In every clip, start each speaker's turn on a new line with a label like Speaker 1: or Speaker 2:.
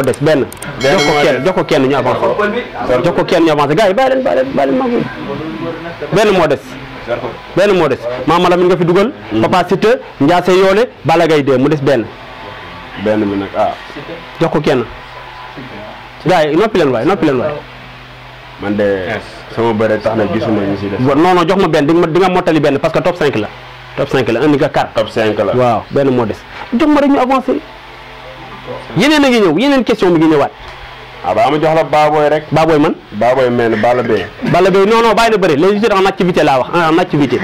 Speaker 1: ko def ben joko ko kenn jox kenn ñu avancé joko ko kenn ñu avancé gaay balen balen balen ma leen bàyyi leen mag benn moo des benn moo nga fi duggal papa site njaase yolé bala gay dee mu def ben ben mi nak ah joko ko kenn gars yi noppi leen waay noppi leen man dé sama béré tax na gisuma ñu ci def non non jox ma ben di nga motali ben parce que top 5 la top 5 la indi nga 4 top 5 la waaw ben mo def jox ma rek ñu avancé yeneen a ngi ñëw yeneen question mi ngi ñëwaat. ah ba ma jox la Baboy rek. Baboy man. Baboy mel Balla Beye. Balla Beye non non bàyyi na bëri les lutteurs activité laa wax en activité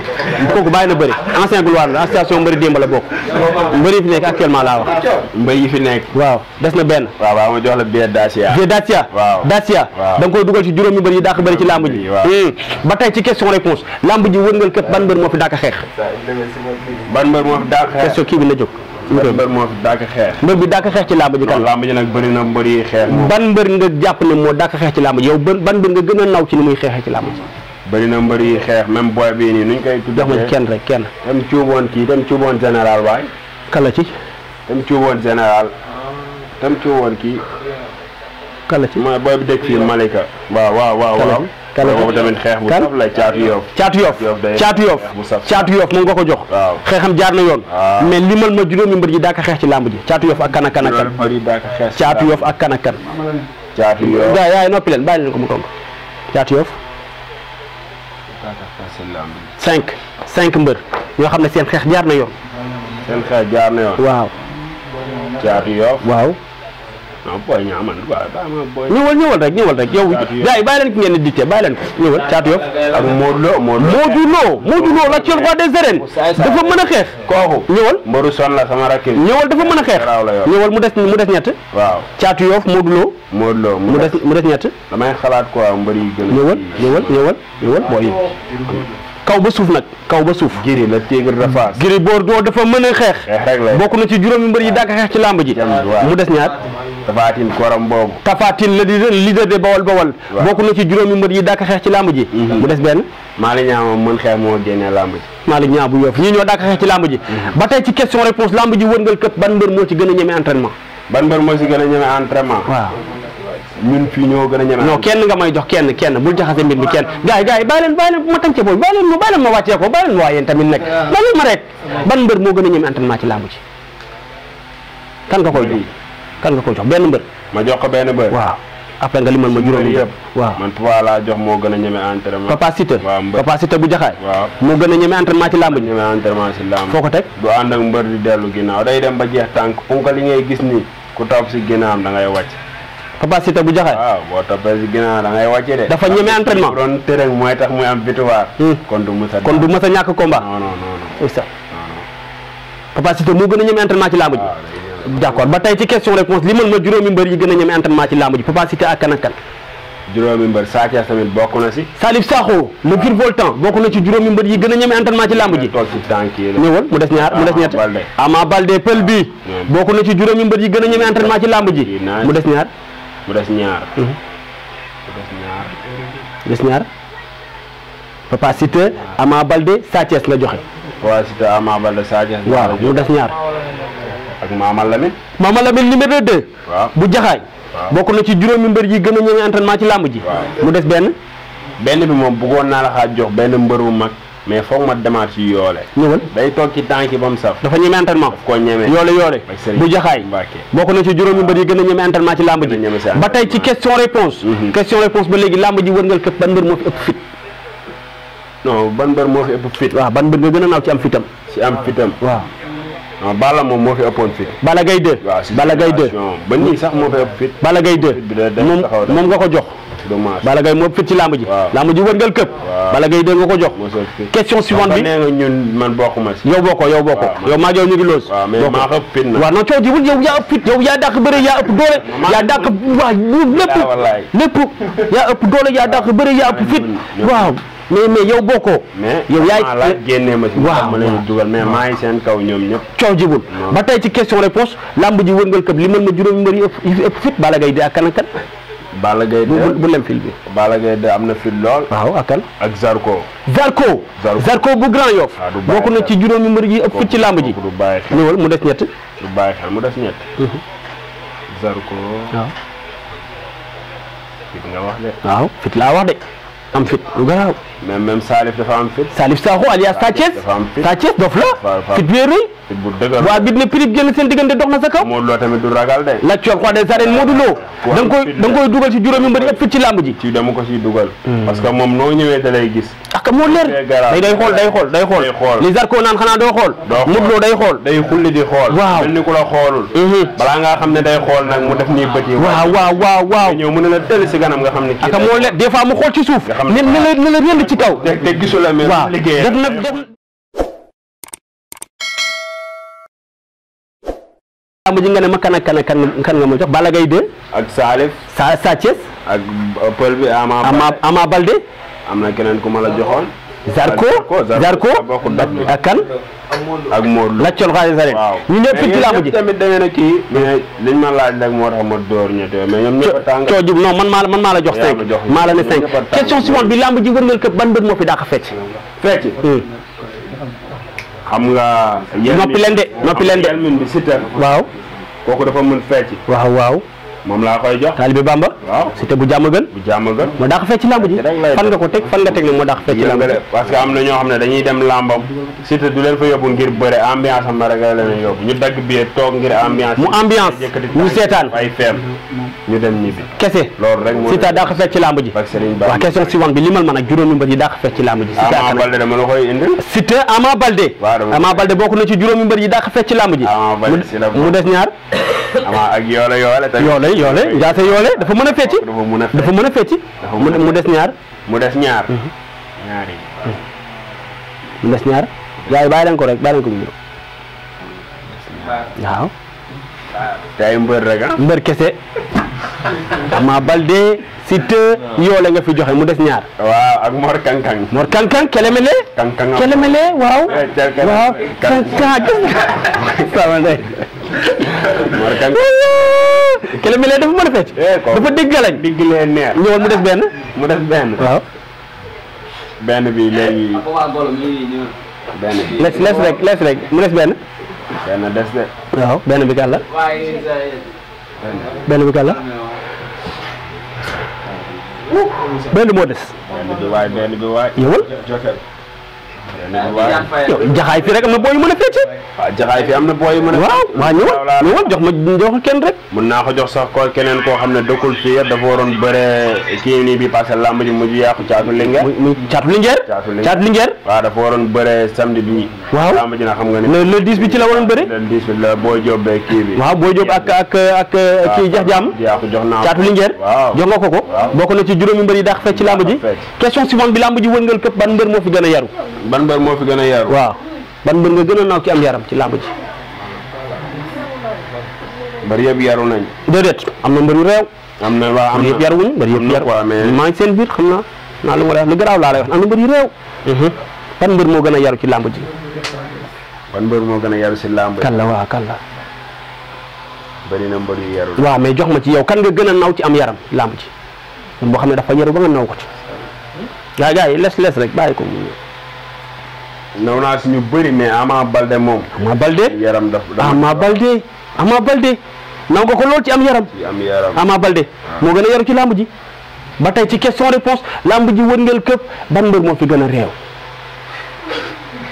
Speaker 1: kooku bàyyi na bëri ancien gloire la association mbëri démb la bokk mbëri yi fi nekk actuellement laa wax. mbëri yi fi nekk. waaw des na benn. waaw waaw ma jox la Bié Dacia. Bié Dacia. waaw Dacia. da nga koy dugal ci juróomi mbër yi dàq bëri ci làmb ji. Hmm. ba tey ci question réponse làmb ji wërngal képp ban mbër moo fi dàq xeex. ban mbër moo fi dàq bi na jóg. mbër moo fi dàkk xeex mbër bi dàkk xeex ci làmb ji kan làmb ji nag bëri na mbër yi xeex ban mbër nga jàpp ne moo dàkk xeex ci làmb ji yow ban mbër nga gën a naw ci ni muy xeexee ci làmb ji bëri na mbër yi xeex même boy bii nii nuñ koy tudd jox ma kenn rek kenn dem cuuboon kii dem cuuboon général waay kala ci dem cuuboon général dem cuuboon kii kala ci mooy boy bi dëkk fii Malika waaw waaw waaw waaw kala boobu tamit xeex bu saf la caatu yoof caatu yoof caatu yoof moom nga ko jox xeexam jaar na yoon mais limal ma juróomi mbër yi daaka xeex ci làmb ji caatu yoof ak kan ak kan ak kan caatu yoof ak kan ak kan caatu leen bàyyi ko mu tontu caatu yoof cinq cinq mbër ñoo xam ne seen xeex jaar na yoon seen waaw waaw ah, booy ñaa man waaw ñëwal ñëwal rek ñëwal rek yow. gars yi bàyyi leen ki ngeen di dicté bàyyi leen ko ñëwal ak Modou Lo Modou Lo la col roi des arènes dafa mën a xeex. kooku ñëwal mbaru son la sama rakk ñëwal dafa man a xeex. ñëwal mu des mu des ñett. waaw caatu yow Modou Lo. Modou Lo mu des mu des ñett. damay xalaat ko mbër yi gën a. ñëwal ñëwal ñëwal ñëwal kaw ba suuf nag kaw ba suuf. Gris la Tigre de Fass. Gris Bordeaux dafa mën a xeex. bokk na ci juróomi mbër yi dàq xeex ci làmb ji. mu des ñaar. Tafatin koram boobu. Tafatin la leader de Bawol Bawol. bokk na ci juróomi ci làmb ji. Mhm. mu des benn. Malick Niang moom mën xeex moo génne làmb ji. Malick Niang bu Yoff ñii ñoo dàq xeex ci làmb ji. Mhm. ba tey ci question réponse làmb ji wërngal këpp ban mbër moo ci gën a ñeme entraînement. ban mbër moo ci gën a ñeme entraînement. waaw. ñun fii ñoo gën a ñeme non kenn nga may jox kenn kenn bul jaxase mbir mi kenn gaay gaay bàyyi leen bàyyi leen ma tànce booy bàyyi leen ma bàyyi leen ma wàccee ko bàyyi leen waa tamit nag bàyyi leen ma rek ban mbër moo gën a ñeme entraînement ci làmb ci kan nga koy jox kan nga koy jox benn mbër ma jox ko benn mbër waaw après nga limal ma juróomi yëpp waaw man papa laa jox moo gën a ñeme entraînement papa site papa site bu jaxaay waaw moo gën entraînement ci làmb ji entraînement ci làmb foo ko du ànd ak mbër di dellu ginnaaw day dem ba jeex tànk punka li ngay gis ni ku topp si ginnaawam da ngay wàcc Papa bu jaxee waaw boo toppee si ginnaaw da ngay wàcce de. dafa ñeme entraînement doon terrain mooy tax muy am victoire. Hmm. kon du mës a kon du mës ñàkk combat. non non non Papa Cité moo gën a ñeme entraînement ci làmb ji. Ah, d' gën a ñeme entraînement ci làmb ak kan ak kan. juróomi mbër Sa Thiès tamit bokk na si. Salif Sakho le ah. virevoltant bokk na ci juróomi mbër yi gën a ñeme entraînement ci làmb ji. Eh, toog ci tànk ñaar mu des ah, ñett Ama Balde Ama Balde pël bi. bokk yi gën a ñeme entraînement ci làmb ji. mu des ñaar Mhm. mu des ñaar. mu des ñaar. des ñaar. Papa Cité Ama Balde Sa Thiès nga joxe. Papa Cité Ama Balde Sa Thiès. waaw mu des ñaar. ak Mama Lamine. Mama Lamine numéro 2. waaw bu jaxaay. bokk na ci juróomi mbër yi gën a ñeme entraînement ci làmb ji. mu des benn. benn bi moom buggoon naa la xaaj jox benn mbër bu mag. mais foog ma demaat ci yoole ñëwal day toog ci tànki ba mu saf dafa ñeme entraînement daf koo ñeme yoole yoole bu jaxaay bokk na ci juróomi mbër yi gën a ñeme entraînement ci làmb ji ba tey ci question réponse mhm. question réponse ba léegi làmb ji wërngal këpp ban mbër moo fi ëpp fit non ban mbër moo fi ëpp fit waaw ban mbër nga gën a naaw ci am fitam ba nii sax moo fi ëpp fit Balla Gaye 2 moom moom nga ko jox Balla Gaye moo fit ci lamb ji lamb ji wërngal këpp Balla Gaye dégg nga ko jox question suivante bi nee nga ñun man bokkuma si yow bokkoo yow bokkoo yow maa ñu ngi loos waaw non coow jiwul yow yaa ëpp fit yow yaa dàq bëre yaa ëpp doole yaa dàq waaw yaa ëpp fit waaw mais mais yow bokkoo yow yaay génnee ma si waaw ma leen dugal mais maa ngi seen kaw ñoom ñëpp coow jibul ba tey ci question réponse lamb ji wërngal këpp li mën ma juróomi mbër yi ëpp fit Balla Gaye di ak kan ak kan Balla Gaye de bu lem fil bi. Balla Gaye de am na fil lool. waaw ak ak Zarko. Zarko. Zarko bu Grand Yoff. Ah, bokk na ci juróomi mbër yi ci làmb ji. du bàyyi xel ñëwal mu des ñett. du bàyyi mu des ñett. Zarko. wax de. waaw fit laa wax de. am fit lu Salif dafa am fit. Salif Sakho alias Sathiès. dafa am la. fit bi rëy. fit bu dëgër la waa ne prix génn dox na sa kaw. Modou Lo de. la coon quoi des arènes Modou Lo. da nga koy si juróomi mbër ji. ci ko siy dugal. Hmm. parce ah, day day xool day xool day xool. day xool li day xool. day xulli hmm. waaw waaw waaw waaw waaw. ñëw mën na si ah, suuf ne ne ci kaw. te te gisul amee waaw lamb ji nga ma kan ak kan nga ma jox Balla ak Salif Sa Sa ak pël bi Balde am na keneen ku ma la joxoon Zarko Zarko ah, ak kan. ak Modou la Thion xaalis Sare. waaw ñu ñëpp ci làmb ji tamit da ngeen kii. mais ma laaj rek moo tax ma door ñetteel mais a man maa la man maa la jox cinq maa la ne cinq question suivante bi làmb ji wërngal këpp ban mbër moo fi dàq fecc. fecc. Hmm. xam nga. noppi leen de noppi leen de waaw. kooku dafa mën fecc. waaw waaw. moom laa koy jox taalibe Bamba waaw Siteu bu jàmm gën bu jàmm gën moo daax fecc ci làmb ji fan nga ko teg fan nga teg ne moo daax fecc ci làmb parce que am na ñoo xam ne dañuy dem làmbam Siteu du leen fa yóbbu ngir bëre ambiance am na rek la leen yóbbu ñu dagg billet toog ngir ambiance mu ambiance ñu seetaan ay feem ñu dem ñibbi kese loolu rek moo Siteu dàq fecc ci làmb ji waaw question suivante bi limal ma nag juróomi mbër yi dàq fecc ci làmb ji Ama Baldé dama la koy indil Siteu Ama Baldé Ama Baldé bokk na ci juróomi mbër yi dàq fecc ci làmb ji mu des ñaar ama ak yoole yoole tamit yoole yoole njaase yoole dafa mën a fecc dafa mën a fecc mu des ñaar mu des ñaar mhm. mu des ñaar yaay bàyyi leen ko rek bàyyi leen ko mu waaw te ay mbër rek ah mbër kese ama balde sitte yoole nga fi joxe mu def ñaar waaw ak mor kankang mor kankang kelemele kankang kelemele waaw waaw kankang sama day mor kankang kelemele dafa mëna fecc eh, dafa diggalañ eh? diggalee neer eh? ñëwal mu def ben mu def ben waaw ben bi léegi benn bi les les rek les rek mu des benn benn des de waaw benn bi kan la benn bi kan la benn moo des. benn bi waay benn bi waay. ñëwal. yow jaxaay fi rek am na booy yu mën a ah, am na booy yu mën a. waaw waaw jox ma jox ko kenn rek. mun naa ko jox sax ko keneen koo xam ne dëkkul fii dafa waroon bëre kii nii bi parce que làmb ji mujj yàqu caatu lingeer. muy muy li lingeer. caatu lingeer waroon bëre samedi bi. waaw làmb ji na xam nga ne le dix bi ci la waroon bëri le dix bi la Boy Diop beeg kii bi waaw Boy Diop ak ak ak kii jax jaam jaaxu jox naa caatu lingeer jox nga ko ko bokk na ci juróomi mbër yi daax fecc ci làmb ji question suivante bi làmb ji wëngal këpp ban mbër moo fi gën a yaru ban mbër moo fi gën a yaru waaw ban mbër nga gën a naaw ci am yaram ci làmb ji mbër yëpp yaru nañ déedéet am na mbër yu réew am na waaw am na yëpp yaruwuñ mbër yëpp yaru maa ngi seen biir xam naa naa lu ma la wax lu garaaw laa lay wax am na mbër yu réew ban mbër moo gën a yaru ci làmb ji ban mbër moo gën a yaru si làmb kan la waaw kan na mbër yu yaru waaw mais jox ma ci yow kan nga gën a naw ci am yaram làmb ci moom boo xam ne dafa yaru ba nga naw ko ci gaa gaa yi les les rek bàyyi ko mu naw naa si ñu bëri mais Ama Balde moom Ama Balde yaram daf Ama Balde Ama Balde naw nga ko lool ci am yaram Ama Balde ah. moo gën yaru ci làmb ji ba tey ci question réponse làmb ji wërngel këp ban mbër moo fi gën a réew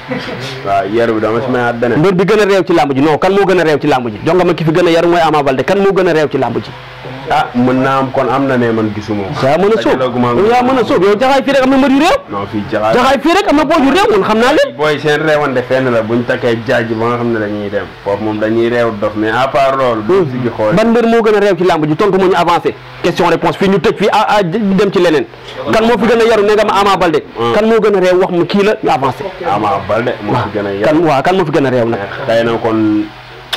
Speaker 1: waaw yar bi dama si mayaat beneen mbir bi gën a réew ci làmb kan moo gën a réew ci làmb ji jonga ma ki gën a yar mooy Ama Baldé kan moo gën a réew ci làmb ji ah mën naa kon am na ne man gisuma yaa mën a sóob yaa jaxaay fii rek am na mbër yu réew jaxaay jaxaay fii am na boo yu réew man naa leen booy seen réewante fenn la buñ takkee jaaj ba nga xam ne dañuy dem foofu moom dañuy réew dof mais à part loolu bu hmm. sigi xool ban mbër moo gën a réew ci làmb ji tontu moo ñu avancé question réponse fii ñu tëj fii a ah, ah, dem ci leneen kan moo fi gën a yaru ne nga ma Ama Baldé hmm. kan moo gën a réew wax ma kii la ñu avancé Ama Baldé moo kan moo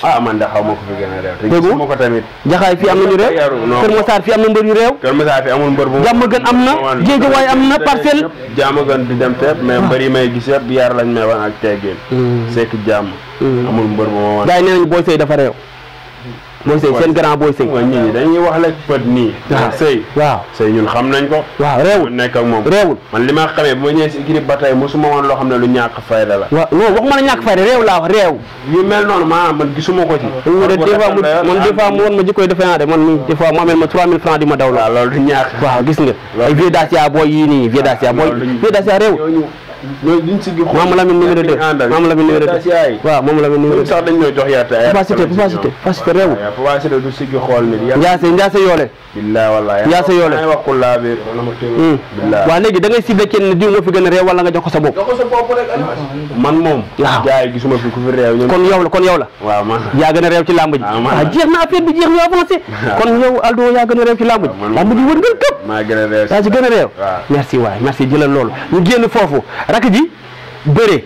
Speaker 1: ah man de xaw ma ko fi gën a réew. te gisuma ko tamit. jaxaay fi am nañu réew Kër Masaar fi am na mbër yu réew. Kër jàmm gën am na géejawaay am na parcelle. jàmm gën di dem tepp mais ah. mbër yi may gis yëpp yar lañ may wan ak teggin. Hmm. sekk jàmm. Hmm. amul mbër bu ma wan. gars yi nee nañu booy sëy dafa réew. booy sëy seen grand booy sëy dañuy wax la pët nii sëy sëy ñun xam nañ ko waaw réewul man li ma xamee bu ma ñëwee si équipe ba tey mosuma woon loo xam ne lu ñàkk fayda la waaw non waxuma la ñàkk fayda réew laa wax réew mel noonu maanaam man gisuma ko ci man man des mu woon ma jikkoy defe naa de man mu amel ma 3000 francs di ma daw la loolu ñàkk waaw gis nga ay vieux dacia booy yii nii vieux dacia booy vieux dacia réew loolu liñ si gis. Mama Lamine numéro 2 Mama Lamine numéro 2 waaw Mama Lamine numéro 2 sax dañ ñoo si gi xool nit Ndiasse yoole billahi yoole wax ko la léegi da ngay ciblé kenn diw moo fi gën a réew wala nga jox sa bopp kon yow la kon yow la waaw man yaa gën a réew ci làmb ji waaw jeex kon yow Aldo yaa gën a réew ci làmb ji làmb ji wër nga këpp yaa si gën a réew merci waay merci jëlal loolu ñu génn foofu njëkk ji bëre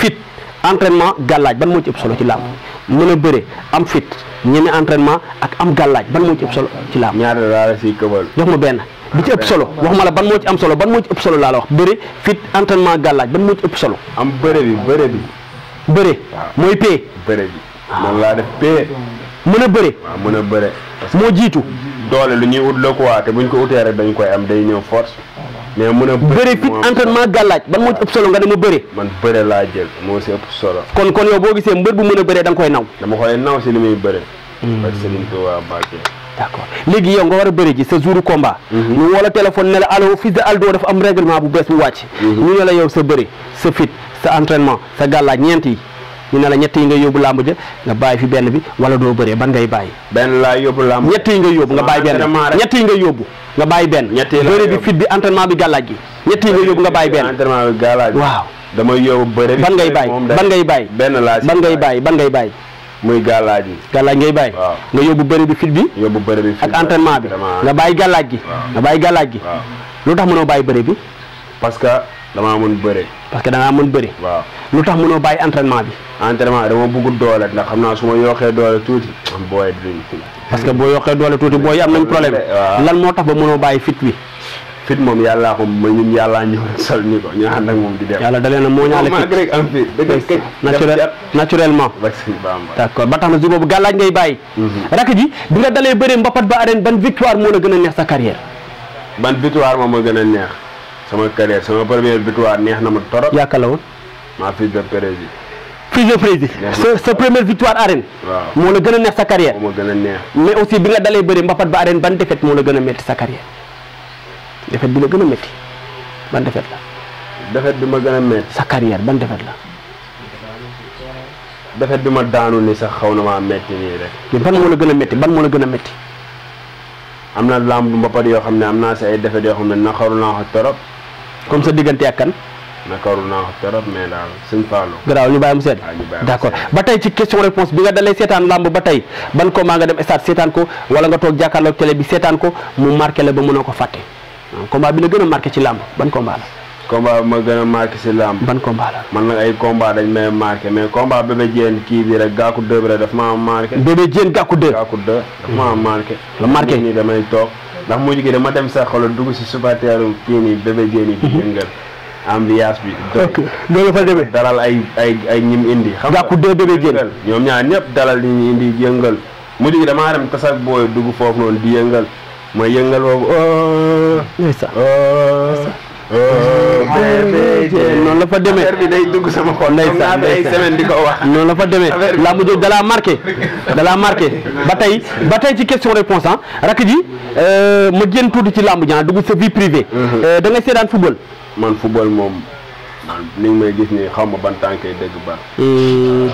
Speaker 1: fit entraînement gàllaaj ban moo ci ëpp solo ci làmb mën a bëre am fit ñeme entraînement ak am gàllaaj ban moo ci ëpp ci la si këbal jox ma benn bi ci ëpp solo wax ma la ban moo ci am solo ban moo ci ëpp solo laa la wax bëre fit entraînement gàllaaj ban moo ci ëpp solo am bëre bi bëre bi bëre mooy pee bëre bi ah. moom laa def pee mën a bëre mën a bëre moo jiitu doole lu ñuy ut la waa te buñ ko utee rek dañ koy am day ñëw force mais mu ne bëri fit entraînement gàllaaj ban moo ci ëpp solo nga dama bëri man bëri laa jël moo si ëpp solo kon kon yow boo gisee mbër bu mën a bëree danga koy naw dama koy naw si li muy bëri hmm. parce que nga war a bëri ji sa jour combat hmm. ñu woo la téléphone ne la allo fils de Aldo dafa am règlement bu bees bu wàcc hmm. ñu ne la yow sa bëri sa fit sa entraînement sa gàllaaj ñeent yi ñu na la ñett yi nga yobbu lamb ja nga bay fi benn bi wala do beure ban ngay bay benn la yobbu lamb ñett yi nga yobbu nga bay benn ñett yi nga yobbu nga bay benn beure bi fit bi entraînement bi galaj gi ñett yi nga yobbu nga bay benn entraînement bi galaj waaw dama yóbbu bëre ban ngay bay ban ngay bay benn la ban ngay bay ban ngay bay muy galaj gi galaj ngay bay nga yobbu beure bi fit bi yobbu beure bi fit ak entraînement bi nga bay galaj gi nga bay galaj gi lutax mëno bay beure bi parce que dama mën bëre parce que da nga mën bëre waaw lu tax mënoo bàyyi entraînement bi entraînement dama bëgg doole ndax xam naa su ma yokkee doole tuuti booy duñ parce que boo yokkee doole tuuti booy am nañ problème lan moo tax ba mënoo bàyyi fit wi fit moom yàllaa ko ma ñun yàllaa ñëw rek sol ñu ko ñu ànd ak moom di dem yàlla dalee na moo ñaale fit rek am fit dëgg naturel naturellement d' accord ba tax na jour boobu gàllaaj ngay bàyyi mhm. rak ji bi nga dalee bëre mbapat ba arène ban victoire moo la gën neex sa carrière ban victoire moom ma gën neex sama carrière sama première victoire neex na ma torop. yaakaar woon. maa fiche de prési. fiche de prési sa sa première victoire arène. waaw moo la gën a neex sa carrière. moo gën a neex. mais aussi bi nga dalee bëri mbapat ba arène ban défaite moo la gën a métti sa carrière défaite bi la gën a métti ban défaite la. défaite bi ma gën a métti. sa carrière ban defet la. défaite bi ma daanu ni sax xaw na maa métti nii rek. ban moo la gën a métti ban moo la gën a metti am na làmb mbapat yoo xam ne am naa si ay défaites yoo xam ne naxaru naa ko torop. comme sa diggante ak kan. nakaru naa ko trop mais daal sëñ Fallou. garaaw ñu bàyyi mu seet. d' accord ba tey ci question réponse bi nga dalee seetaan làmb ba tey ban ko maa nga dem stade seetaan ko wala nga toog jàkkaarloog télé bi seetaan ko mu marqué la ba mënoo ko fàtte. combat bi la gën a marqué ci làmb ban combat la. combat bi ma gën a marqué si làmb. ban combat la. man nag ay combat dañ may marqué mais combat bébé Diène kii bi rek gàkku deux bi rek daf maa marqué. bébé Diène gàkku deux. gàkku deux daf maa toog. ndax mujj gi dama dem sa xolo dugg si subateeru kii nii bébé jéen yi mhm. di yëngal ambiance bi donc loolu fa demee dalal ay ay ay ñim indi xam jàpp deux bébé jéen ñoom ñaar ñëpp dalal ñi indi yëngal mu gi damaa dem tasak booy dugg foofu noonu di yëngal mooy yëngal boobu oh. Oh. noonu la fa demee affaire bi day dugg sama xol di ko wax la fa demee laa mujj dalaa marqué dalaa marqué ba tey ba tey ci question réponse ah rakk ji euh, ma jën tuuti ci làmb jaan ah, dugg sa vie privée mhm. euh, da ngay seetaan football man football moom man may gis nii xaw ma ban tànkee dëgg ba hmm.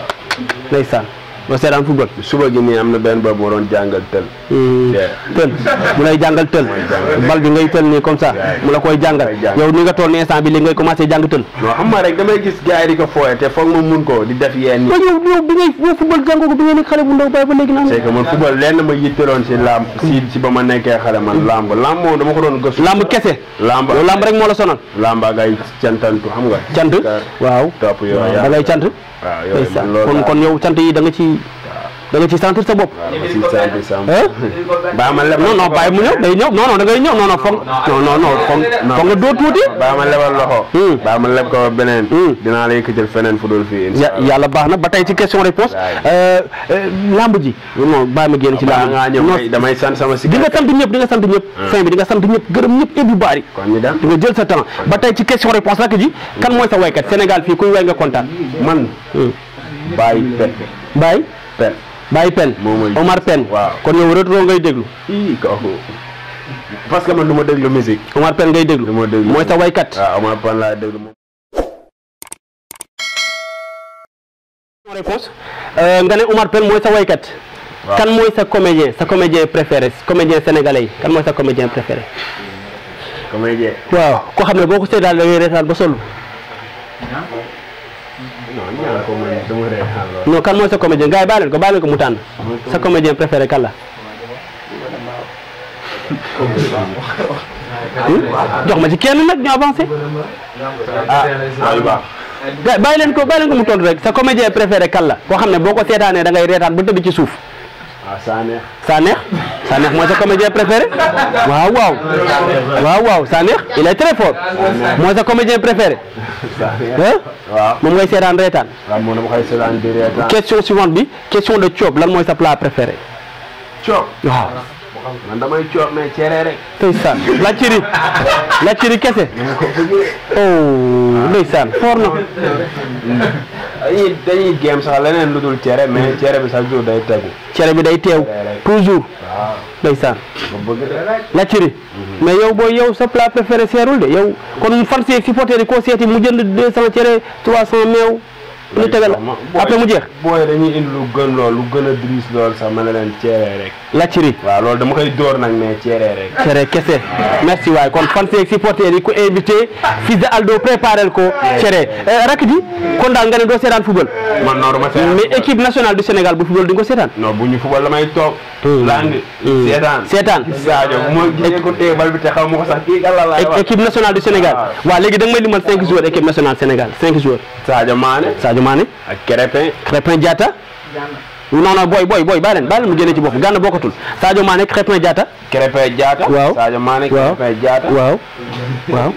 Speaker 1: ndeysaan nga seetaan football. suba gi nii am na benn boobu waroon jàngal tël. Hmm. tël mu lay jàngal tël. bal bi ngay tël nii comme ça. mu la koy jàngal yow ni nga tool nii bi li ngay commencé jàng tël. non xam nga rek damay gis gars yi di ko ko di def yenn yi. yow yow bi ngay ko bi ngay nekk xale bu ndaw ba léegi naan. c'est que man football lenn ma yitteloon si lamb si si ba ma nekkee xale man lamb lamb moom dama ko doon gëstu. lamb kese. lamb yow rek moo la sonal. lamb ngay cantantu xam nga. cant waaw topp yow da ngay cant waaw kon kon yow cant yi da nga ci da ci sentir sa bopp. baa ma lebal non non bàyyi mu ñëw day ñëw non non da ngay ñëw non non foog. non non non foog foog nga doo tuuti. baa ma lebal loxo. Hmm. baa ma leb ko beneen. Hmm. dinaa la yëkkatal feneen fu dul fii. yàlla baax na ba tey ci question réponse euh, euh, lamb ji non bàyyi ma génn ci lamb ji damay sant sama si di nga sant ñëpp di nga sant ñëpp hmm. fin bi di nga sant ñëpp gërëm ñëpp ébu baari di nga jël sa temps ba tey ci question réponse rakk ji kan mooy sa waykat Sénégal fii kuy way nga kontaan man Baye Pet Baye Pet Baye Pen Omar Pen kon yow retro ngay déglu parce que man du ma déglu musique Omar Pen ngay déglu mooy sa waykat waaw Omar euh, kan mooy sa comédien sa comédien préféré comédien sénégalais yi kan mooy sa comédien préféré comédien ko xam ne boo ko seetaan da ngay reetaan ba solu non non kan mooy sa comédien gars yi bàyyi leen ko bàyyi leen ko mu tànn. sa comédien préféré kan la. jox ma ci kenn nag ñu avancé. ah Aliou Ba. bàyyi leen ko bàyyi leen ko mu tontu rek sa comédien préféré kan la. koo xam ne boo ko seetaanee da ngay reetaan ba tëbi ci suuf. waaw ah, Sanex. Sanex Sanex mooy sa comédien préféré waaw waaw. waaw waaw Sanex il est très fort. mooy sa comédien préféré. waaw moom ngay seetaan reetaan. waaw question suivante bi question de Thiop lan mooy sa plat préféré. Thiop man damay coor mais cere rek. ndeysaan la ciri la ciri kese. oh ndeysaan foor na. dañuy dañuy géem sax leneen lu dul cere mais cere bi sax jour day tegu. cere bi day teew toujours. waaw ndeysaan. la ciri. Mhm. mais yow booy yow sa plat préféré seerul de yow kon fan seeg supporter ko koo seeti mu jënd deux cent cere trois cent meew. lu tegal après mu jeex. booy dañuy indi lu gën lool lu gën a diis lool sax ma ne leen cere rek. Lathiri waaw loolu dama koy dóor nag mais cere kese merci waay kon fan seeg supporter yi ku invité fils de Aldo préparel ko cere eh, rak ji kon daal nga ne doo seetaan football. man non dama seetaan mais équipe nationale du Sénégal bu football di nga ko seetaan. non bu ñu football damay toog. Hmm. laandi hmm. seetaan seetaan. Sadio bu ma gisee ko téye bal bi te xaw ma ko sax du Sénégal waaw léegi da nga may limal cinq joueurs équipe nationale Sénégal cinq joueurs. Sadio Mané Sadio Mané. ak Crépin Crépin non non booy booy booy bàyyi leen mu génne ci boppam Gana bokkatul Sadio Mané Krépin Diatta. Krépin Diatta. waaw Sadio Mané Krépin Diatta. waaw waaw.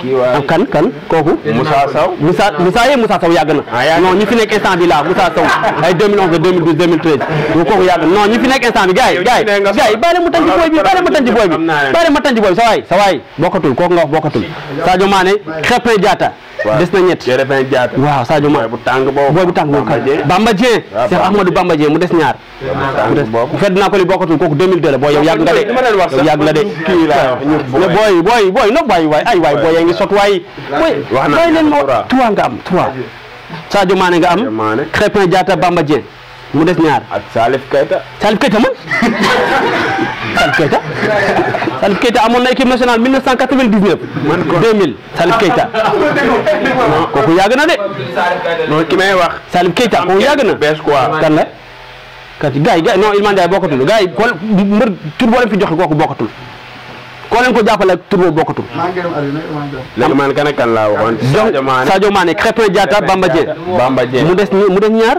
Speaker 1: kii kan kan kooku. Moussa Sow Moussa Moussa yee Moussa Sow yàgg na. Ah, non ñi fi nekk instant bi laa Moussa Sow ay 2011 ba 2012 2013. kooku yàgg na non ñi fi nekk instant bi gars yi gars yi gars yi bàyyi mu tànn ci booy bi bàyyi mu tànn ci booy bi bàyyi mu tànn ci nga wax bokkatul Sadio Mané Krépin Diatta des na ñett waaw Sadio Mané bu tàng boobu booy bu tàng boobu kan Bamba Dieng Cheikh Ahmadou Bamba Dieng mu des ñaar mu des fekk naa ko li bokkatul kooku 2002 la booy yow yàgg nga de yow yàgg nga de booy booy booy no booy waay ay waay booy yaa ngi sot waay booy booy leen moo trois nga am trois Sadio Mané nga am Krépin Diatta Bamba Dieng mu des ñaar ak Salif Keita. Salif Keita amoon na équipe nationale 1999. man ko 2000 Salif Keita. kooku yàgg na de. non ki may wax. Salif Keita kooku yàgg na bees quoi. kan la kat gars yi gars yi non Iliman Ndiaye bokkatul gars yi kooku bokkatul. koo leen ko jàppale ak tur boobu bokkatul. léegi man kan ak kan laa waxoon. Bamba Dieng. mu des mu des ñaar.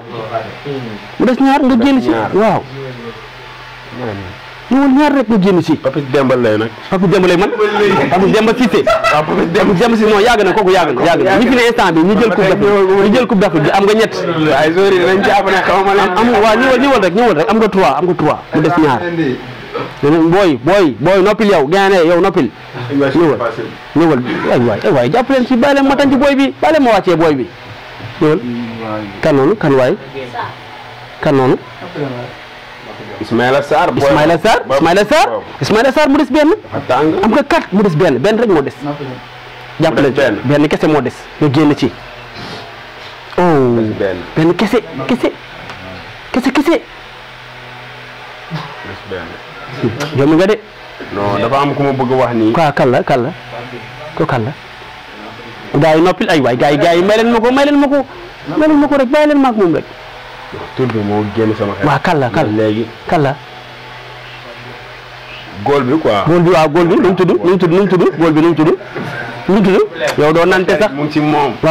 Speaker 1: mu des ñaar nga génn si waaw. ñu woon ñaar rek nga génn si. Papis Demba lay nag. Papis Demba lay man Papis Demba Cissé. waaw Papis na kooku yàgg na yàgg na ñu fi ne instant bi ñu jël coupe d'Afrique ñu jël coupe d'Afrique am nga ñett. am ne xaw ma leen. am waaw ñëwal ñëwal rek am nga trois am nga trois mu des ñaar. booy booy booy noppil yow gaynde yow noppil ñëwal ñëwal ay waay ay waay jàpp leen ci bàyyi ma tànc booy bi bàyyi booy bi ñëwal kan noonu kan waay kan noonu Ismaïla Sarr Ismaïla Sarr Ismaïla Sarr mu des benn am nga quatre mu des benn benn rek moo des jàpp leen benn kese moo des nga génn ci oh benn kese kese kese kese jom nga de. non dafa am ku ma bëgg wax ni quoi kan la ko kan la. gaa yi noppil ay waay gaa yi gaa yi may leen ma ko may ma ko may leen ma ko rek bàyyi leen ma ak moom rek. tur bi moo génn sama xel. waaw kan la kan la léegi kan la. góol bi quoi. tudd. mu tudd yow doo nante sax waaw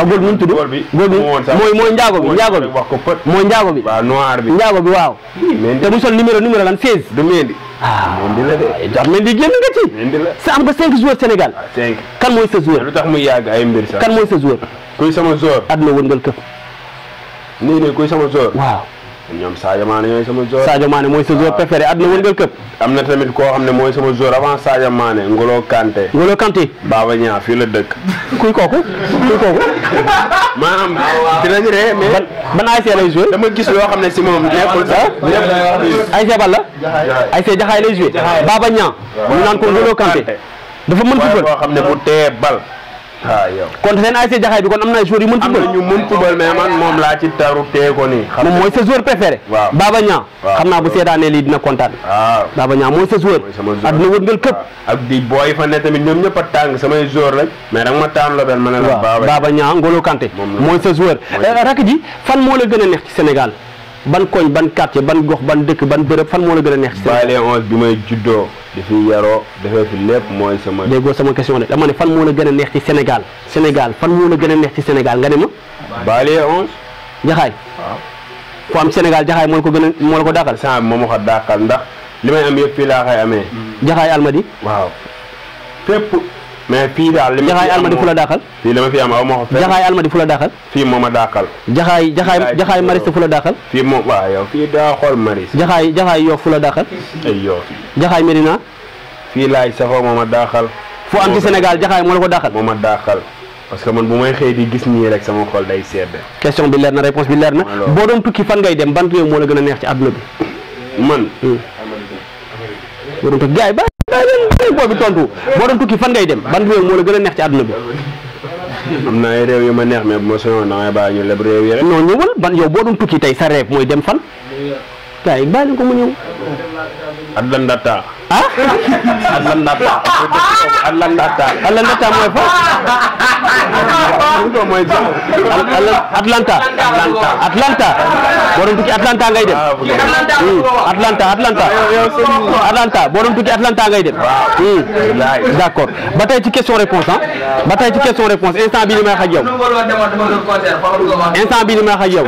Speaker 1: góor bi mu tudd góor bi mooy mooy njaago bi njaago bi mooy njaago bi njaago bi waaw te mu sol numéro numéro lan 16 du Mendy ah Mendy génn nga ci sa am nga cinq joueurs Sénégal ah, kan mooy sa joueur lu tax muy yàgg ay mbir sax kan mooy sa joueur kuy sama joueur ñoom Sadio Mané ñooy sama joueur. Sadio Mané mooy sa joueur ah. préféré àdduna wërngal këpp. am na tamit koo xam ne mooy sama joueur avant Sadio Mané Ngolo Kanté. Ngolo Kanté. Baba Niang fii la dëkk. kuy kooku kuy kooku. maanaam dinañu ree mais. ban ban ASC lay joué. dama gis loo xam ne si moom nekkul sax. ASC ban la. ASC Jaxaay lay naan ko Ngolo Kanté. dafa mën football boo xam ne bu tee waaw yow kon seen ASC Jaxaay bi kon am na joueur yu mën football am na ñu mën football mais man moom laa ci taru tee ko nii moom mooy sa joueur préféré waaw Baba xam naa bu seedaanee lii dina kontaan waaw Baba Niang mooy sa joueur adduna wërngal këpp ak di booy fa ne tamit ñoom ñëpp a tàng samay joueur lañ mais da ma taan lobel ma ne la Baba Baba Niang mooy sa joueur rakk ji fan moo la gën a neex ci Sénégal ban koñ ban quartier ban gox ban dëkk ban bërëb fan moo la gën a neex ci Sénégal bi may juddoo dafiy yaroo defee fi lépp mooy sama. déggoo sama question de dama ne fan moo la gën a neex ci Sénégal Sénégal fan moo la gën a neex ci Sénégal nga ne ma. Balie 11. Jaxaay. waaw ku am Sénégal Jaxaay moo la ko gën a moo la ko dàqal. sànq moo ma dàqal ndax li may am yëpp fii laa koy amee. Jaxaay Almadi. waaw fépp. mais fii daal li ma jaxaay almadi fu la daaxal fii li ma fi am aw ma ko fenn jaxaay almadi fu la daaxal fii moom a daaxal jaxaay jaxaay jaxaay mariste fu la daaxal fii moom waaw yow fii daa xool maris jaxaay jaxaay yoof fu la daaxal jaxaay Medina fii laay safoo moom a daaxal fu am ci Sénégal jaxaay moo la ko daaxal moom a daaxal parce que man bu may xëy di gis nii rek sama xol day sedd question bi leer na réponse bi leer na boo doon tukki fan ngay dem ban réew moo la gën a neex ci àdduna bi man hmm. boo doon tukki gars yi boobu tontu boo doon tukki fan ngay dem ban réew moo la gën a neex ci àdduna bi am na réew yu ma neex mais bu ma soñoon damay bàyyi ñu leb réew yi rek non ñëwal ban yow boo doon tukki tey sa rêve mooy dem fan tay bàyyi ko mu ñëw addandata Allah na ta Allah na ta Allah na ta mooy fa mooy Atlanta Atlanta boo doon tukki Atlanta ngay dem Atlanta Atlanta Atlanta boo doon tukki Atlanta ngay dem d'accord ba tey ci question réponse ah ba tey ci question réponse instant bi ni may xaj yow instant bi ni may xaj yow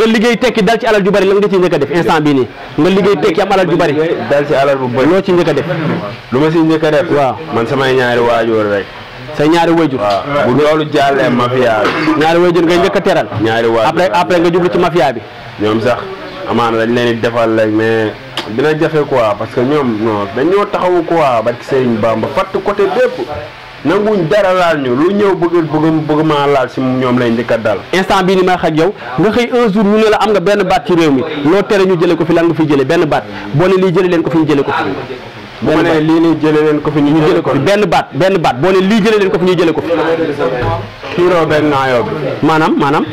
Speaker 1: nga liggéey tekki dal ci alal ju bari la nga ci njëkk a def instant bi nii nga liggéey tekki am alal ju bari dal ci alal bu bari njëkk a def lu ma si njëkk a def waaw man samay ñaari waajur rek sa ñaari wayjur bu loolu jàllee mafia bi ñaari wayjur nga njëkk a teral ñaari waajur après après nga jublu ci mafia bi ñoom sax amaana dañ leen di defal rek mais dina jafe quoi parce que ñoom non dañoo taxawu quoi barki Sëriñ Bamba fatt côté bépp nanguñ dara laal ñu lu ñëw bëgg bëgg bëgg maa laal si ñoom lañ njëkk a dal instant bii ni may xaj yow nga xëy un jour lu ne la am nga benn baat ci réew mi loo tere ñu jële ko fi lan nga fiy jële benn baat boo ne lii jële leen ko fi ñu jële ko fi bu ma nee lii nii jëlee leen ko fi ñu jëlee ko fi benn baat benn baat boo ne lii jëlee leen ko fi ñu jëlee ko fi. kiiroo beeg ŋaayoo maanaam maanaam.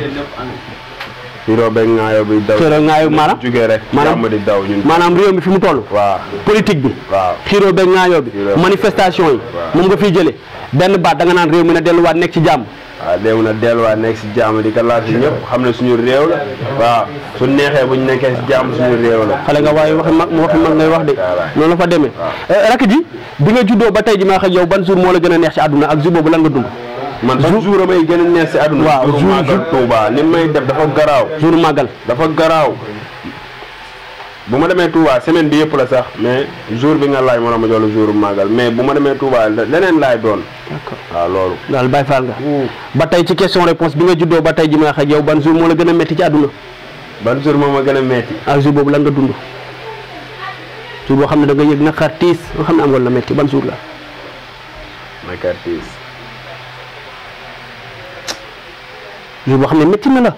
Speaker 1: kiiroo beeg ŋaayoo bi daw. kiiroo ŋaayoo maanaam jugee rek. maanaam di daw ñun. maanaam réew mi fi mu toll. waaw politique bi. waaw kiiroo beeg ŋaayoo bi. manifestation yi. moom nga fiy jëlee. benn baat da naan réew mi na delluwaat nekk ci jàmm waaw réew na delluwaat nekk si jàmm di ko laaj si xam ne suñu réew la waaw su neexee bu ñu nekkee si jàmm suñu réew la xale nga waaye waxi mag waxi mag ngay wax de loolu la fa demee eh, rakk ji bi nga juddoo ba tey ji ma wax ak ban jour moo la gën a neex si àdduna ak jour boobu lan nga dund man ban jour may gën a neex si àdduna waaw jour Touba li may def dafa garaaw jour màggal dafa garaaw bu ma demee Touba semaine bi yëpp la sax mais jour bi nga laaj ma ma jox la jour màggal mais bu ma demee Touba leneen laay doon. d'accord waaw loolu. daal bàyyi faal nga. ba tey ci question réponse bi nga juddoo ba tey ji may wax ak yow moo la gën a métti ci àdduna. ban moo ma gën a métti. ak ah, jour boobu lan nga dund. jour boo xam ne da nga yëg naqar tiis nga xam ne am nga la métti ban jour la. tiis. jour boo xam ne métti na la.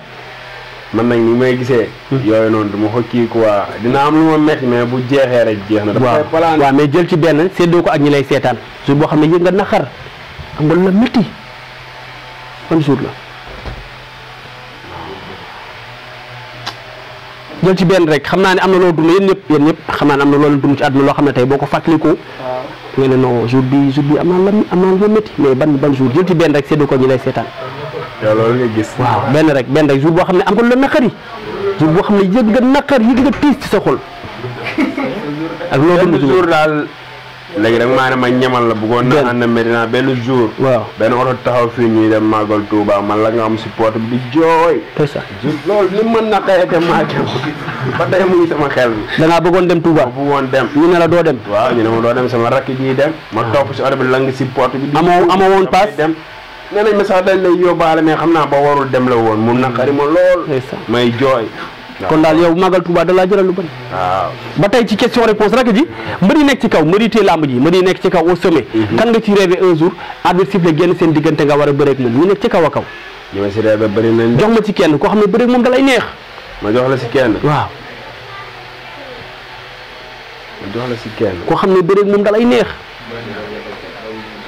Speaker 1: man nag ni may gisee. Hmm. yooyu noonu dama ko kii quoi dina am lu ma métti mais bu jeexee rek jeex na. dafay plan waaw mais jël ci benn séddoo ak ñi lay seetaan. boo xam ne yëg nga naqar xam nga lu la métti ban jour naa ne na loo dund yéen ñëpp naa ne am na loolu dund ci àdduna ne tey ko fàttaliku. waaw nga ne non jour bi la am naa lu ma ban ban jour jël benn rek séddoo ko ak ñi lay seetaan. yow loolu nga gis. waaw benn rek benn rek jour boo xam ne amul la naqari jour boo xam ne yëg nga naqar yëg nga tiis ci sa xol. ak loolu benn jour daal léegi rek maanaam ma ñamal la bëggoon na ànd Medina benn jour. waaw benn oto taxaw fii ñuy dem Magal Touba man la nga am si bi di jooy. c'est ça loolu li mën na te maa ba tey mu ngi sama xel bi. da bëggoon dem Touba. bëggoon dem ñu ne la doo dem. waaw ñu ne ma doo dem sama rakk ji dem. ma topp si oto bi lang si porte bi. amoo amoo woon nee nañ ma sax dañ lay yóbbaale xam naa ba warul dem la woon mu naqari ma lool. may jooy. kon daal yow màggal Touba da laa jëral lu bëri. waaw ba tey ci question réponse rek ji mbër yi nekk ci kaw mbër yi làmb ji mbër yi nekk ci kaw au sommet. Mhm. kan nga ci rêvé un jour nga war a bëreeg moom ñu nekk ci kaw a kaw. ñu ma si jox ma ci kenn koo xam ne bëreeg moom da lay neex. ma jox la si kenn. waaw. ma jox si kenn. koo xam ne bëreeg moom da neex.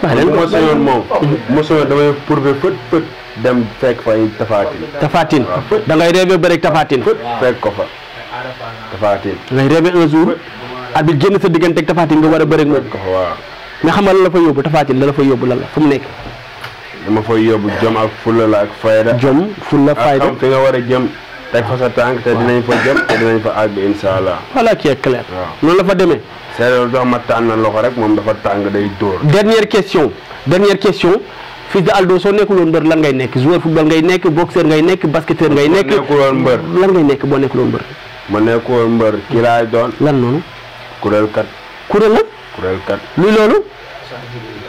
Speaker 1: bu ma sañoon moom bu ma sañoon damay pourbe fët fët dem fekk fa ay tafaatin tafaatin da ngay reebe ba rek tafaatin fët fekk ko fa tafaatin ngay reebe un jour at bi génn sa diggante ak tafaatin nga war a bëri moom ko fa waaw mais xam nga la la fa yóbbu tafaatin la la fa yóbbu lan la fu mu nekk dama fay yóbbu jom ak fulla la ak fayda jom fulla fayda fi nga war a jëm teg fa sa tànk te dinañ fa jëm te dinañ fa àgg incha allah voilà qui est clair noonu la fa demee Sénégal jox ma tànn loxo rek moom dafa tàng day dóor. dernière question dernière question Fils de Aldo soo nekkul woon mbër lan ngay nekk joueur football ngay nekk boxeur ngay nekk basketteur ngay nekk. boo nekkul woon mbër lan ngay nekk boo nekkul mbër. ma nekkul woon mbër ki laay doon. lan noonu. kuréel kat. kuréel la. kuréel kat luy loolu.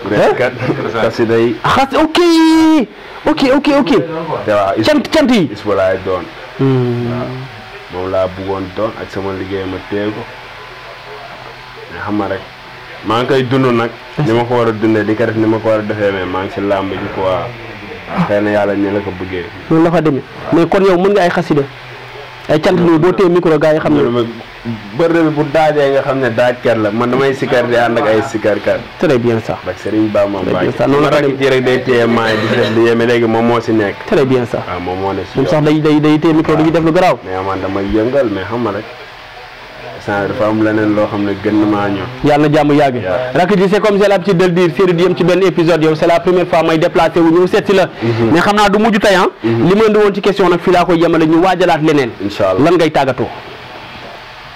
Speaker 1: kuréel kat xasida yi. Ah, ok ok yi. is laay doon. Hmm. waaw moom laa bëggoon doon ak sama liggéey ma téye xam nga rek maa ngi koy dund nag. ni ma ko war a dundee di ko def ni ma ko war a defee mais maa ngi si làmb ji quoi. xëy yàlla ni la ko bëggee. noonu la fa demee mais kon yow mën nga ay xasida ay cant yooyu boo téye micro gars yi xam ne. bëri bi bu daajee nga xam ne daajkat la man damay ay sikarkat. très bien ça. ak Serigne Ba moom baa la ci rek day téye maa yi di def moom moo si nekk. très bien ah, moom moo ne sax day day day téye micro dañuy def lu garaaw. mais man dama yëngal mais xam nga rek. sant dafa am leneen loo xam ne gën na maa yàlla na jàmm yàgg rakk ji c'est comme j'ai l'habitude de le di yem ci benn épisode yow c'est la première fois may déplacé wu ñëw seet si la mhm. mais xam naa du mujj tey ah mhm. li ma indi woon ci question nag fii laa koy yemale ñu waajalaat leneen incha allah lan ngay tàggatoo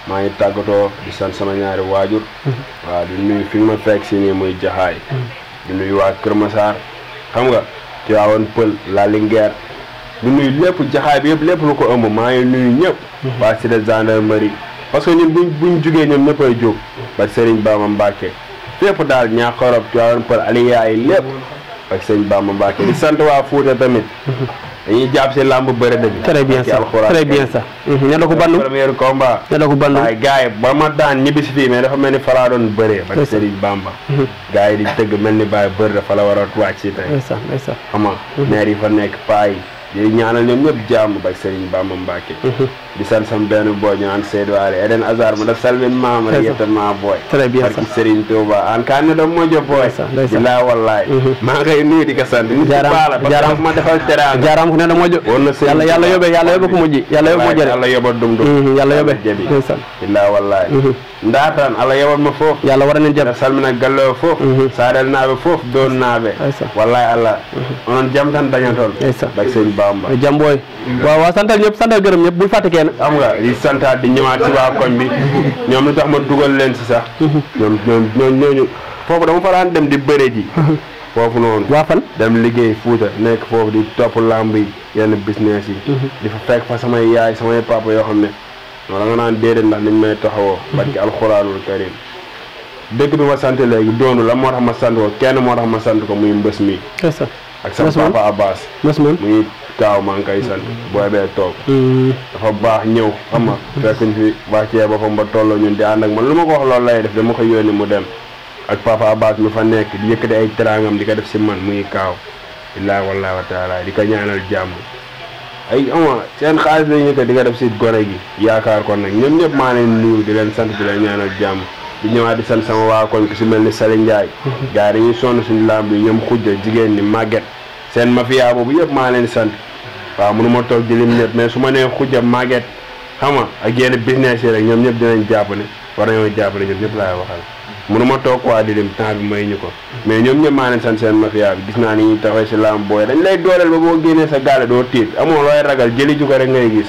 Speaker 1: maa ngi tàggatoo di sant sama ñaari waajur mhm. waaw di nuyu fi ma fekk si nii muy jaxaay di nuyu waa Kër Massar xam nga Tivaouane Pël La Linguère di nuyu lépp jaxaay bi yëpp lépp lu ko ëmb maa ngi nuyu ñëpp waa parce que ñun bu buñ jugee ñoom ñëpp ay jóg ba Serigne Bamba Mbacke fépp daal ñaaxorob Tivaouane Peulh aliya yi lépp ak Serigne Bamba Mbacke di sant waa Fouta tamit dañuy jàpp si làmb bëre dëgg très bien mhm. ko ko bandu waaye gars yi ma daan ñibbi si mais dafa mel ni falaa doon bëree ak Serigne Bamba mhm. gars yi di tëgg mel ni bàyyi bëri dafa la war a wàcc si tey xam nga mhm. maire yi fa nekk paa yi di ñaanal ñoom ñëpp jàmm ba Serigne Bamba Mbacke mm-hmm. di sant sama benn booy ñu naan Seydou Waale Eden Azar mu def salmin maama rek yetta maa booy très bien an kaan ne doom moo jo booy bilaa wallaay maa ngay nuyu di ko sant baala parce que ma defal ku ne da moo jo woon na yàlla yàlla yóbbe yàlla yóbbe dum dum yàlla yóbbe ndatan ala ma fof yalla waɗanen jaam salmina gallo e fof mhm. sarel naaɓe fof don naaɓe wallahi allah mhm. onon jam tan daña toon ba seigne bamba jam boy wa santal ñep santal gërem ñep bu faté kenn xam nga di santal di ñëwaat ci wa koñ bi mhm. ñom lu tax ma duggal leen ci sax ñom ñom ñoo ñooñu dama fa dem di bëre ji fofu non wa fan dem liggéey fouta nek fofu di top lamb yi yenn business yi di fa fekk fa sama yaay sama papa yo xamne ne wala nga naan déedéet ndax niñ may taxawoo. barki alxuraanul karim dëkk bi ma sant léegi doonu la moo tax ma sant ko kenn moo tax ma sant ko muy mbës mi. ak sama papa Abbas. mbës man muy kaaw maa ngi koy sant. Mm. booy bee toog. Mm. dafa baax ñëw xam nga. Mm. fekk ñu fi wàccee ba fa ba tolloo ñun di ànd man lu ma ko wax loolu lay def dama ko yónni mu dem. ak papa Abbas mi fa nekk di yëkkati ay teraangam di ko def si man muy kaaw. illaa wallaahi wa taala di ko ñaanal jàmm. ay ama seen xaalis la ñu ko di nga def si gone gi yaakaar kon nag ñoom ñëpp maa leen nuyu di leen sant di leen ñaanal jàmm di ñëwaat di sant sama waa koñ ku si mel ni Sali gaa mhm. gars yi dañuy sonn suñu làmb yi ñoom xujja jigéen ñi màgget seen mafia boobu ñëpp maa leen sant waaw mënu ma toog di lim ñëpp mais su ma nee xujja màgget xam nga ak yenn business yi rek ñoom ñëpp dinañ jàpp ne war nañoo jàpp ne ñoom ñëpp laay waxal mënuma toog waa di dem temps bi may ñu ko mais ñoom ñëpp maa leen sant seen mafia bi gis naa ni ñuy taxaw si lamb booy dañ lay dooleel ba boo génnee sa gaale doo tiit amoo looy ragal jëli ju ko rek ngay gis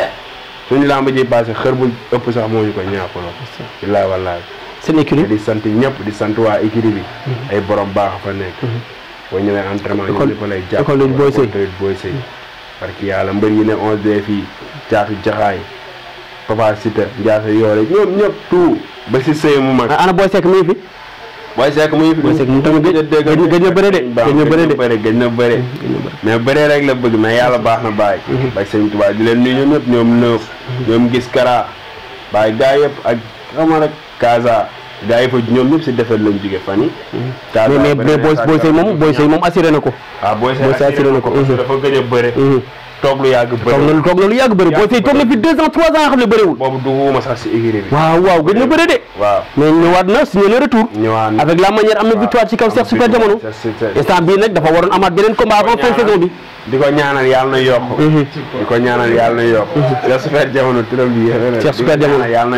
Speaker 1: suñu lamb ji passé xër bu ëpp sax moo ñu ko ñaapaloo bilaay wallaay seen écurie di sant ñëpp di sant waa écurie bi mm-hmm. ay borom baax fa nekk mm-hmm. boo ñëwee entraînement ñu ñëpp lay jàpp école luñ booy sëy parce que yàlla mbër yi ne onze de fii caatu jaxaay papa sita njaase yoore ñoom ñëpp tout ba si sëy mu mag. ana booy sekk mu ngi fi. booy sekk mu ngi fi. booy sekk mu tamit gëj gëj na bëre de. gëj na bëre de gëj na bëre mais bëre rek la bëgg mais yàlla baax na bàyyi. Mhm. ba sëñ Tuubaa di leen nuyu ñoom ñëpp ñoom nëf. Mhm. ñoom gis kara bàyyi gaa yëpp ak xam rek Kaza. gaa yi fa ñoom ñëpp si defet lañ jóge fan yi. Mhm. mais mais booy booy sëy moom booy sëy moom assuré na ko. waaw booy sëy assuré na ko dafa gëj a bëre. toog lu yàgg bëriwul toog lu yàgg bëri boo fay toog na fi deux waaw waaw gën na bëri de waaw mais ñëwaat na signé le retour avec la manière am na victoire ci kaw Cheikh Super Jamono instant bii nag dafa waroon amaat bi di ko ñaanal yàlla na yokk mhm. di ko mhm. Super Jamono turam Super Jamono yàlla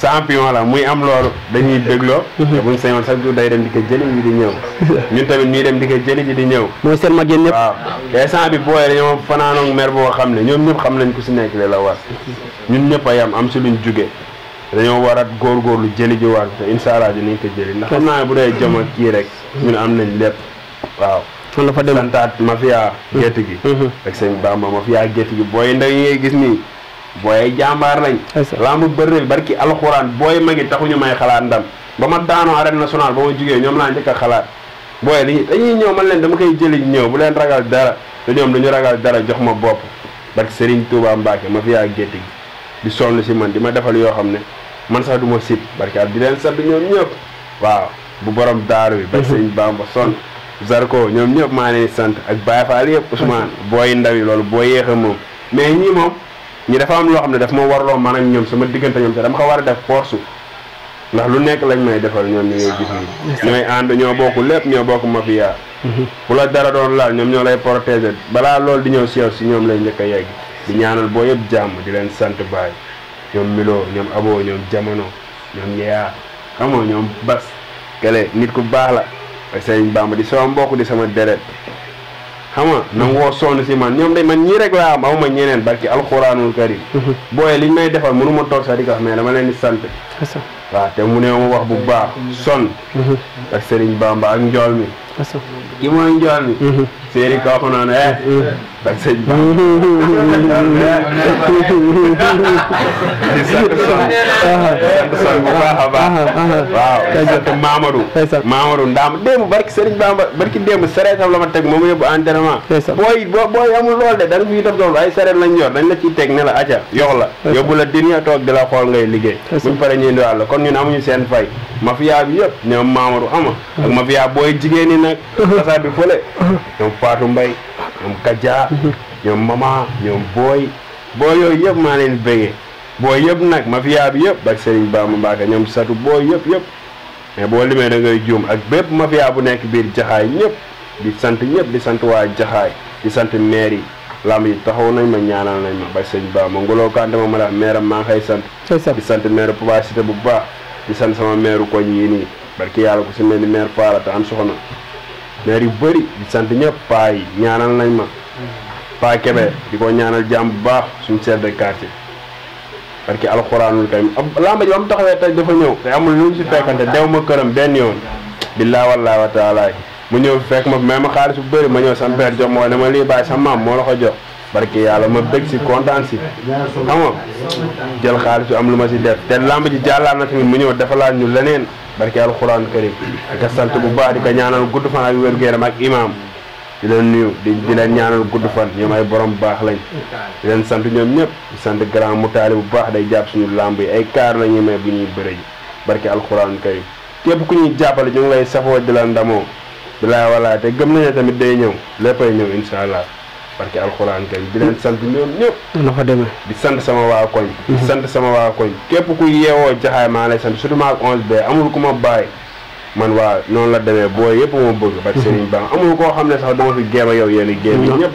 Speaker 1: champion la muy am loolu dañuy dégloo mhm. te buñ sañoon sax du day dem di ko jëli ji di ñëw ñun tamit ñuy dem di ko jëli ji di ñëw mooy seen mag yéen ñëpp waaw instant bi booyee dañoo boo xam ne ñoom ñëpp xam nañ ku si nekk li la war mhm. ñun ñëpp a yam am si luñ jugee dañoo war a góorgóorlu jëli ji war te incha allah dinañ ko jëli ndax xam naa bu dee jom ak kii rek ñun am nañ lépp waaw kon la fa dem santaat mafia gerte gi mhm. ak sëñ Bamba mafia gerte gi booy ndaw yi ngay gis nii booy jàmbaar lañ lamb bërre barki alxuraan booy ma ngi taxuñu may xalaat ndam ba ma daanoo arène nationale ba ma jugee ñoom laa njëkk a xalaat booy dañuy ñëw man leen dama koy jëli ñëw bu leen ragal dara te ñoom dañu ragal dara jox ma bopp barki Serigne Touba Mbacke ma fi yaa gétti gi di sonn si man di ma defal yoo xam ne man sax du ma sib barki at di leen sant ñoom ñëpp waaw bu borom daaru bi barki Serigne ba sonn Zarko ñoom ñëpp maa sant ak Baye yëpp Ousmane mm-hmm. booy ndaw yi loolu boo yéex a moom ñi dafa am loo xam ne daf ma warloo man ak ñoom sama diggante ñoom te dama ko war a def force ndax lu nekk lañ may defal ñoom ñu ngay ñooy ànd ñoo bokk lépp ñoo bokk mafia bu la dara doon laal ñoom ñoo lay protéger balaa lool di ñëw si yow si ñoom lay njëkk yegg di ñaanal boo yëpp jàmm di leen sant baay ñoom Milo ñoom Abo ñoom jamono ñoom yeyaa xamoo ñoom bas kele nit ku baax la ay sëñ Bamba di sama mbokk di sama deret xam nga mhm. nangoo sonn si man ñoom day man ñii rek laa am amuma ñeneen barki alxuraanul karim mhm. booye liñ may defal mënu ma toog sax di ko wax mais dama leen di sant te mu ne ma wax bu baax mhm. son ak Serigne Bamba ak njool mi ki mooy njool mi mm-hmm. séeri kooku noonu eh mm-hmm. ak sëñ ba di sant son sant son bu baax a baax waaw sant Mamadou Mamadou ndaam démb barki sëriñ Bamba barki démb sareetam la ma teg moom yóbbu entraînement booy boo booy amul lool de danga fii daf doon ay sareet lañ yor dañ la ciy teg ne la aca yox la yóbbu la dina toog di la xool ngay liggéey buñ pare ñuy ndiwàl la kon ñun amuñu seen fay mafia bi yëpp ñoom Mamadou Ama ak mafia booy jigéen ñi nag tasaar bi fële ñoom Fatou Mbaye ñoom Kaja ñoom Mama ñoom booy booy yooyu yëpp maa leen béggee booy yëpp nag mafia bi yëpp ak Serigne Bamba Mbacké ñoom satu booy yëpp yëpp mais boo limee da ngay juum ak bépp mafia bu nekk biir jaxaay ñëpp di sant ñëpp di sant waa jaxaay di sant maire yi lamb yi taxaw nañ ma ñaanal nañ ma ba sëñ Ba ma nguloo kante ma ma daal maire am maa ngi sant di sant maire Papa Cité bu baax di san sama meru koñ yi ni barki yalla ko ci melni mer faara ta am soxna mer yu bari di sant ñepp pay ñaanal nañ ma pa kebe diko ñaanal jam bu baax suñu chef de quartier barki alcorane lamba jom taxawé tay dafa ñew tay amul lu ci fekkante dew ma kërëm ben yoon billahi wallahi wa taala mu ñew fekk ma may ma bu ma ñew sam père jom mo dama li lii sa maam la ko jox barke yalla ma bëgg si kontaan si xam nga jël xaalis am lu ma ci def te lamb ji jàllaat na tamit mu ñëw defalaat ñu leneen barke alxuraan karim di sant bu baax di ka ñaanal gudd fan ak wër gu ak imam di leen nuyu di di leen ñaanal gudd fan ñoom ay borom baax lañ di leen sant ñoom ñëpp di sant grand mu taali bu baax day jàpp suñu lamb yi ay kaar la ñuy may bu ñuy bëre ji barke alquran karim képp ku ñuy jàppale ñu ngi lay safoo di la ndamoo bilaay walaay te gëm nañu tamit day ñëw léppay ñëw incha allah parce que alxuraan kay di leen sant ñoom ñëpp. di sant sama waa koñ. di mhm. sant sama waa koñ képp ku yeewoo jaxaay maa lay sant su ma ak 11B amul ku ma bàyyi man waa noonu la demee boo yëpp moo bëgg. parce que mhm. Serigne Ba koo xam ne a yow yéen i géem yi ñëpp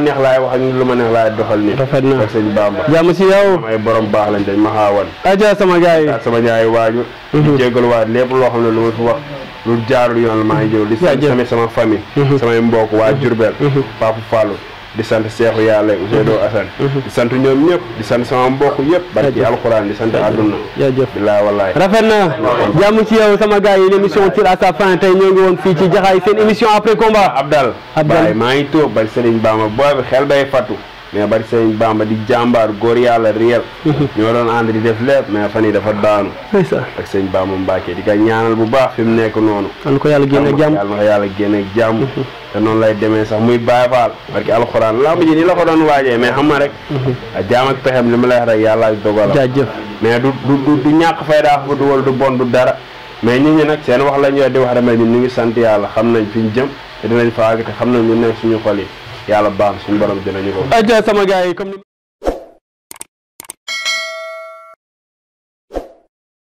Speaker 1: neex laay wax lu ma neex laay rafet na ak sëñ Bamba. jàmm si yow ay borom baax lañ dañ ma xaawan. aja sama gars yi sama ñaari waajur. Mhm. di lépp loo xam ne lu ma fi wax. lu jaarul yoon la maa ngi jëw di sant tamit sama famille mm-hmm. samay mbokk waa mm-hmm. Jurbel mm-hmm. Papa Fallou di sant Seexu Yàlla Ousseynou Assane di sant ñoom ñëpp di sant sama mbokk yëpp barki alxuraan di sant àdduna jaajëf rafet na jàmm ci yow sama gars yi l'émission tire sa fin tey ñoo ngi woon fii ci jaxaay seen émission après combat Abdal Abdal maa ngi toog bari Serigne Bamba boobi xel bay fattu mais bari sëñ Bamba di jàmbaar góor yàlla réel ñoo doon ànd di def lépp mais fan yi dafa daanu ak sëñ Bamba Mbacke di ka ñaanal bu baax fi mu nekk noonu an ko yàlla génne jàmm yàlla na ko yàlla génne jàmm mhm. te noonu lay demee sax muy Baay Faal parce que alxuraan lamb ji ni la ko doon waajee mais xam nga rek mhm. a jaam ak pexem li ma lay wax rek yàlla dogal jaajëf mais du du du ñàkk fay daa fa dugal dara mais nit ñi nag seen wax la ñuy di wax rek mais ñun ñu sant yàlla xam nañ fi ñu jëm te dinañ fa àgg te xam nañ ñu nekk yi yàlla baax suñu borom dinañu ko. ayca sama gars yi comme